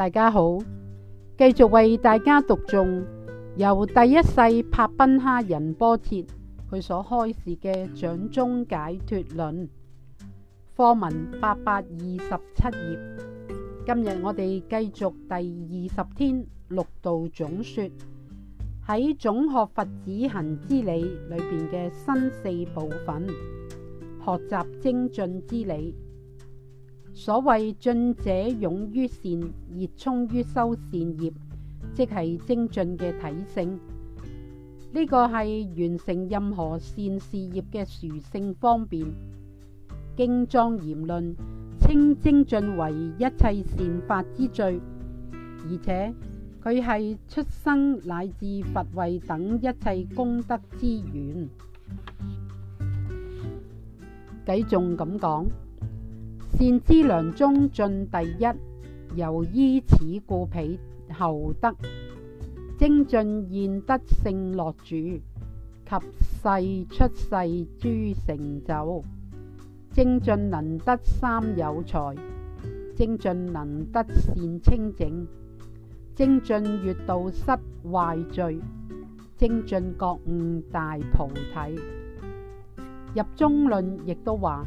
大家好，繼續為大家讀誦由第一世帕賓哈仁波切佢所開示嘅《掌中解脫論》課文八百二十七頁。今日我哋繼續第二十天六度總說喺總學佛子行之理裏邊嘅新四部分學習精進之理。所謂進者勇於善，熱衷於修善業，即係精進嘅體性。呢個係完成任何善事業嘅殊勝方便。經藏言論稱精進為一切善法之最，而且佢係出生乃至佛位等一切功德之源。計仲咁講。善之良中進第一，由依此故彼後得，精進現得勝樂主，及世出世諸成就，精進能得三有財，精進能得善清淨，精進越道失壞罪，精進覺悟大菩提。入中論亦都話。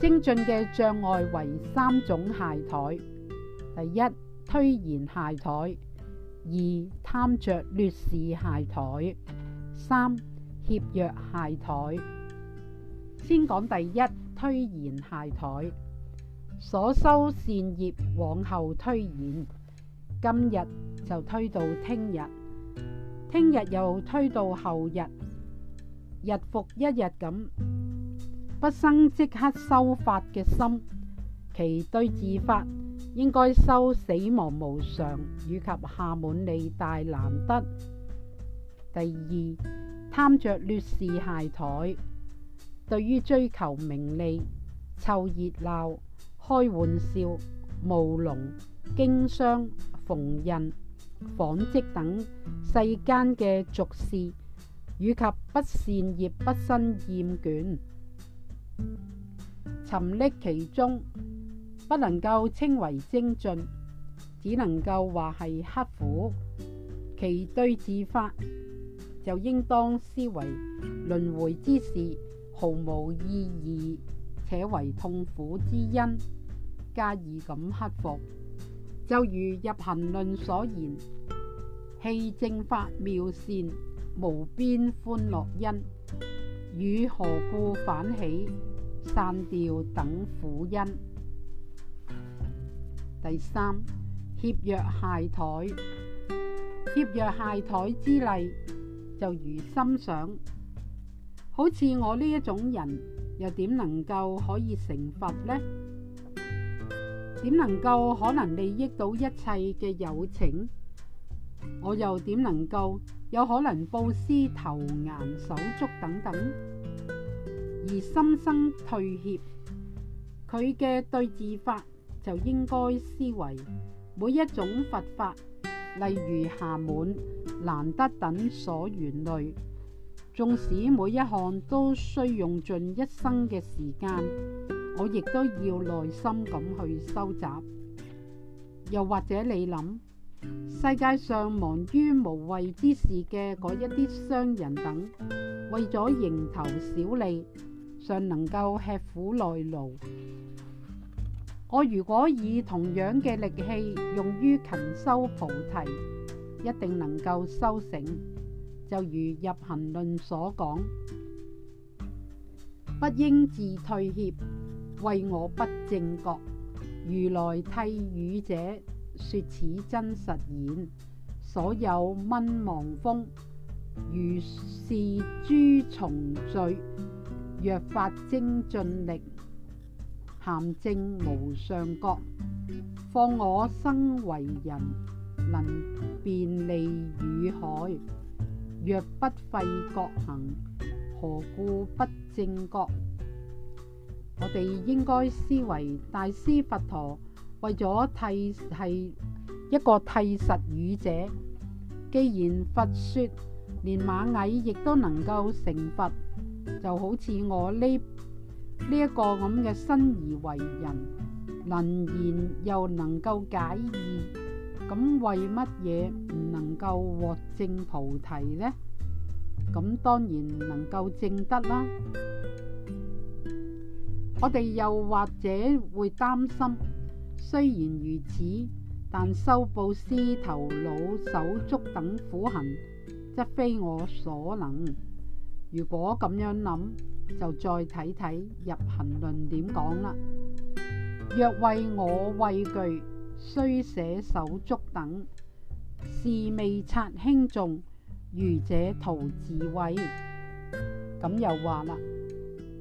精進嘅障礙為三種懈怠：第一，推延懈怠；二，貪着劣事懈怠；三，怯弱懈怠。先講第一，推延懈怠，所修善業往後推延，今日就推到聽日，聽日又推到後日，日復一日咁。不生即刻修法嘅心，其對治法應該修死亡無常，以及暇滿利大難得。第二，貪着劣事懈怠，對於追求名利、湊熱鬧、開玩笑、務農、經商、縫紉、紡織等世間嘅俗事，以及不善業不生厭倦。沉溺其中，不能夠稱為精進，只能夠話係刻苦。其對治法就應當思維輪回之事毫無意義，且為痛苦之因，加以咁克服。就如入行論所言：氣正法妙善，無邊歡樂因，與何故反起？散掉等苦因。第三，怯弱懈怠，怯弱懈怠之例，就如心想，好似我呢一種人，又點能夠可以成佛呢？點能夠可能利益到一切嘅有情？我又點能夠有可能布施頭顏手足等等？而心生退怯，佢嘅對治法就應該思維每一種佛法，例如暇滿、難得等所緣類，縱使每一項都需用盡一生嘅時間，我亦都要耐心咁去收集。又或者你諗，世界上忙於無謂之事嘅嗰一啲商人等，為咗蠅頭小利，尚能夠吃苦耐勞。我如果以同樣嘅力氣用於勤修菩提，一定能夠修成。就如《入行論》所講，不應自退怯，為我不正覺，如來替語者。說此真實言，所有蚊忙蜂，如是諸蟲罪。若發精進力，咸證無上覺，況我生為人，能辨利與害。若不廢覺行，何故不正覺？我哋應該思維大師佛陀。為咗替係一個替實語者，既然佛説連螞蟻亦都能夠成佛，就好似我呢呢一個咁嘅身而為人，能言又能夠解義，咁為乜嘢唔能夠獲證菩提呢？咁當然能夠證得啦。我哋又或者會擔心。雖然如此，但修布施頭腦手足等苦行，則非我所能。如果咁樣諗，就再睇睇《入行論》點講啦。若為我畏懼，須捨手足等，是未察輕重，愚者徒自畏。咁又話啦，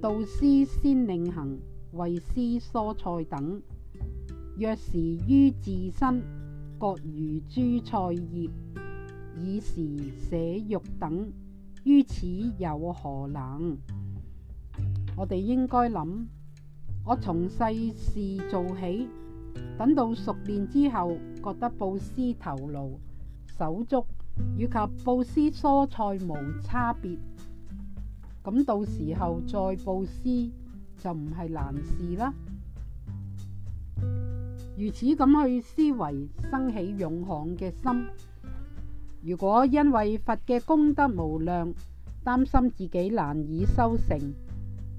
導師先令行，為師蔬菜等。若是於自身覺如諸菜葉，以時捨肉等，於此有何難？我哋應該諗，我從細事做起，等到熟練之後，覺得布施頭顱、手足以及布施蔬菜無差別，咁到時候再布施就唔係難事啦。如此咁去思維，生起勇悍嘅心。如果因為佛嘅功德無量，擔心自己難以修成，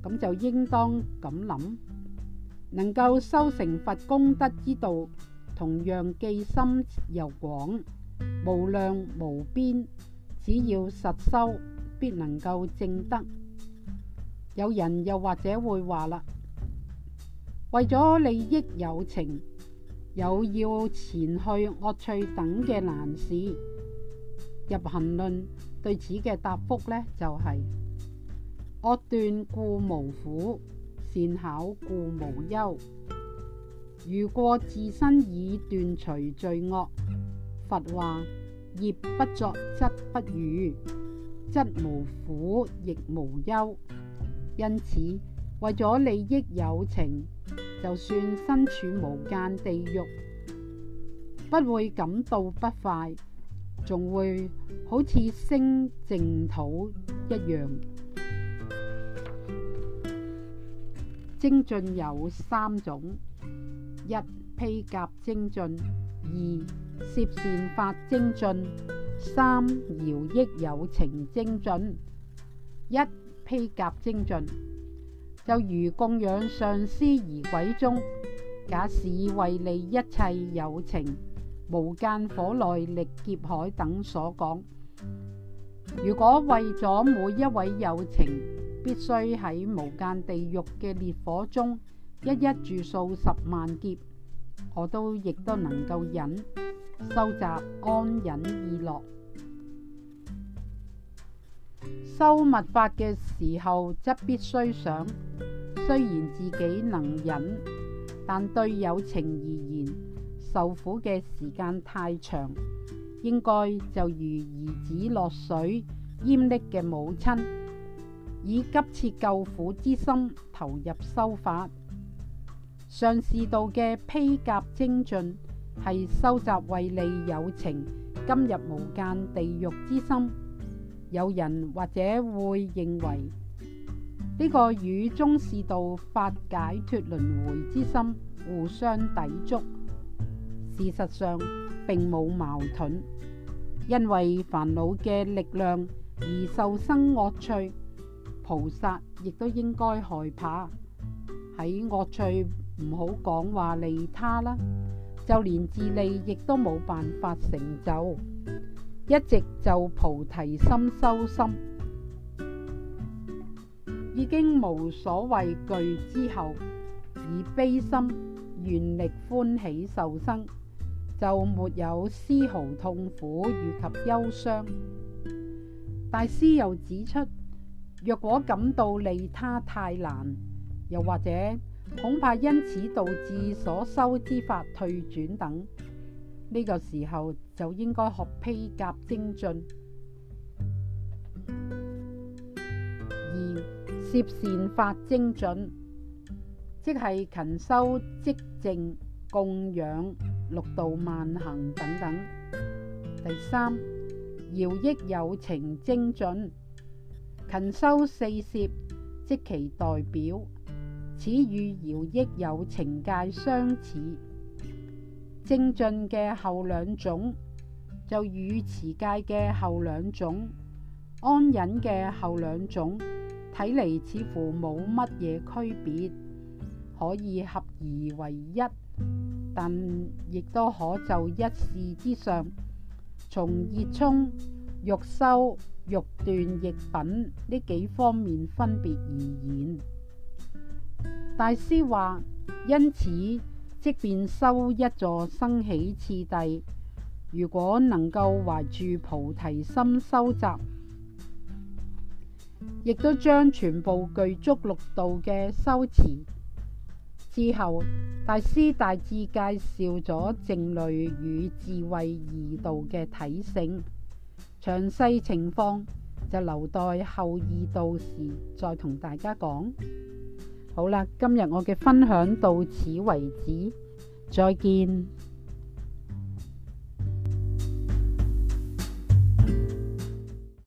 咁就應當咁諗：能夠修成佛功德之道，同樣既深又廣，無量無邊。只要實修，必能夠證得。有人又或者會話啦，為咗利益有情。有要前去惡趣等嘅難事，入行論對此嘅答覆呢，就係、是：惡斷故無苦，善巧故無憂。如果自身已斷除罪惡，佛話：業不作則不語，則無苦亦無憂。因此，為咗利益有情。就算身處無間地獄，不會感到不快，仲會好似升淨土一樣。精進有三種：一披甲精進，二攝善法精進，三饒益有情精進。一披甲精進。就如供養上師而鬼中，假使為利一切有情，無間火內力劫海等所講，如果為咗每一位有情，必須喺無間地獄嘅烈火中一一住數十萬劫，我都亦都能夠忍，收集安忍意樂。修密法嘅時候，則必須想。雖然自己能忍，但對友情而言，受苦嘅時間太長，應該就如兒子落水淹溺嘅母親，以急切救苦之心投入修法。上士道嘅披甲精進，係收集為利友情、今日無間地獄之心。有人或者會認為，呢個與中士道法解脱輪迴之心互相抵觸，事實上並冇矛盾，因為煩惱嘅力量而受生惡趣，菩薩亦都應該害怕，喺惡趣唔好講話利他啦，就連自利亦都冇辦法成就，一直就菩提心修心。已經無所畏懼之後，以悲心願力歡喜受生，就沒有絲毫痛苦以及憂傷。大師又指出，若果感到利他太難，又或者恐怕因此導致所修之法退轉等，呢、這個時候就應該學披甲精進。二。攝善法精進，即係勤修積正供養六度萬行等等。第三，饒益有情精進，勤修四攝，即其代表。此與饒益有情戒相似。精進嘅後兩種，就與持戒嘅後兩種，安忍嘅後兩種。睇嚟似乎冇乜嘢區別，可以合而為一，但亦都可就一事之上，從熱衷、欲修、欲斷、欲品呢幾方面分別而言。大師話：因此，即便修一座生起次第，如果能夠懷住菩提心修習。亦都將全部具足六度嘅修持之後。大師大致介紹咗靜慮與智慧二度嘅體性，詳細情況就留待後二度時再同大家講。好啦，今日我嘅分享到此為止，再見。